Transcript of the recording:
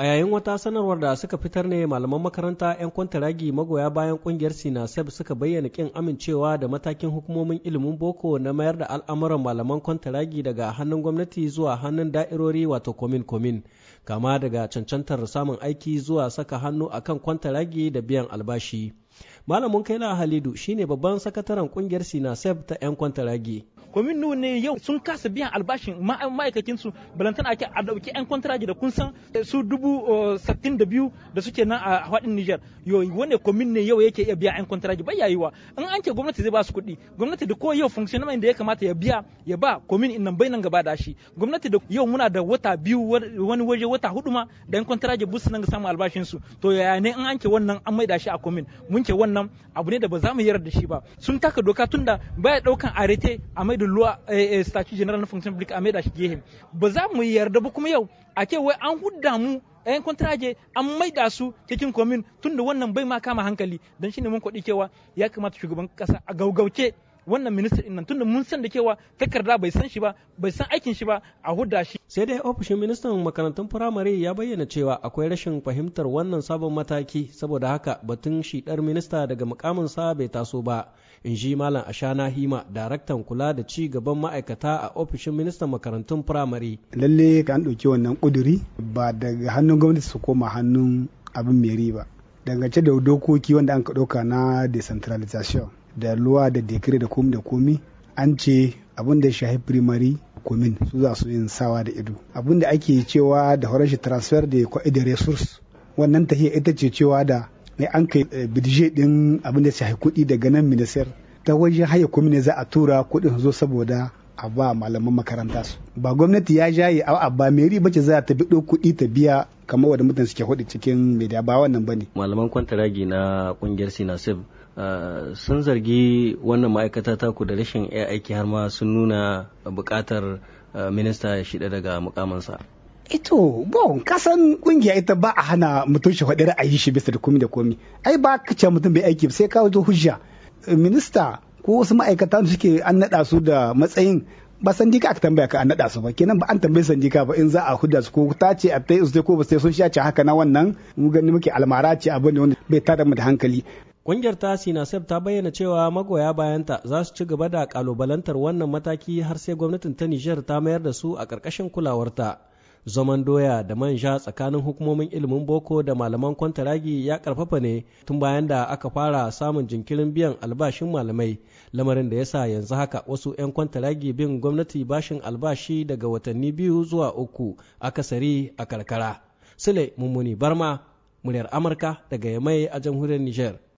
A yayin wata sanarwar da suka fitar ne malaman makaranta 'yan kwantaragi magoya bayan kungiyar Sinasab suka bayyana kin amincewa da matakin hukumomin ilimin boko na mayar da al'amuran malaman kwantaragi daga hannun gwamnati zuwa hannun da'irori wato komin-komin, kama daga cancantar samun aiki zuwa saka hannu akan kwantaragi da biyan albashi. Malamin Kaila Halidu shine babban sakataren kungiyar Sinasab ta 'yan kwantaragi. komin nu ne yau sun kasa biyan albashin ma'aikakin su balantana ake a dauki yan kwantaraji da kun san eh, su dubu oh, sattin da biyu da suke nan a hadin Niger yo wane komin ne yau yake iya biya yan kwantaraji bai yayiwa in an ce gwamnati zai ba su kuɗi gwamnati da ko yau funksiyonin da ya kamata ya biya ya ba komin in nan bai nan gaba da shi gwamnati da yau muna da wata biyu wani waje wata hudu ma da yan kwantaraji bus nan ga samun albashin su to yaya ne in an ce wannan an mai da shi a komin mun ce wannan abu ne da ba za mu yarda da shi ba sun taka doka tunda baya daukan arete a mai da luwa eh, eh, statue general na fonction public a maida shi gehe ba za mu yarda ba kuma yau a ke wai an hudda mu yan eh, kontrage an maida su cikin komin tunda wannan bai ma kama hankali dan shine mun kwaɗi cewa ya kamata shugaban kasa a gaugauce wannan minista din nan tunda mun san da cewa takarda bai san shi ba bai san aikin shi ba a hudda shi sai dai ofishin ministan makarantun firamare ya bayyana cewa akwai rashin fahimtar wannan sabon mataki saboda haka batun shi dar minista daga mukamin sa bai taso ba in ji malam ashana hima daraktan kula da ci gaban ma'aikata a ofishin ministan makarantun firamare lalle ka an ɗauki wannan kuduri ba daga hannun gwamnati su koma hannun abin mai riba dangance da dokoki wanda an ka ɗauka na decentralization da luwa da dekire da komi da komi an ce abin da shahi primary komin su za su yin sawa da ido abin da ake cewa da horashi transfer da kwa'i da resource wannan ta ita ce cewa da ne an kai eh, bidje din abin da shahi kuɗi daga nan minister ta wajen haya komin za a tura kuɗin zo saboda a ba malaman makaranta su ba gwamnati ya jaye a ba meri ce za ta biɗo kuɗi ta biya kamar wadda mutane suke hudu cikin media ba wannan bane malaman kwantaragi na kungiyar sinasib Eh, sun zargi wannan ma'aikata taku da rashin aiki har ma sun nuna bukatar eh, minista ya shida daga mukamansa. ito eh bon kasan kungiya ita ba a hana mutum shi faɗi ra'ayi shi bisa da komi da komi ai ba ka ce mutum bai aiki sai ka wajen hujja minista ko wasu ma'aikata da suke an naɗa su da matsayin ba sandika aka tambaya ka an naɗa su ba kenan ba an tambayi sandika ba in za a hujja su ko ta ce a ta ko ba sai sun sha ce haka na wannan mu gani muke almara ce abin da wanda bai tada mu da hankali Ƙungiyar ta Sinasef ta bayyana cewa magoya bayanta za su ci gaba da ƙalubalantar wannan mataki har sai gwamnatin ta Nijar ta mayar da su a ƙarƙashin kulawarta. Zaman doya da manja tsakanin hukumomin ilimin boko da malaman kwantaragi ya ƙarfafa ne tun bayan da aka fara samun jinkirin biyan albashin malamai, lamarin da ya sa yanzu haka wasu 'yan kwantaragi bin gwamnati bashin albashi daga watanni biyu zuwa uku akasari a karkara. Sule Mummuni Barma, muryar Amurka daga Yamai a jamhuriyar Nijar.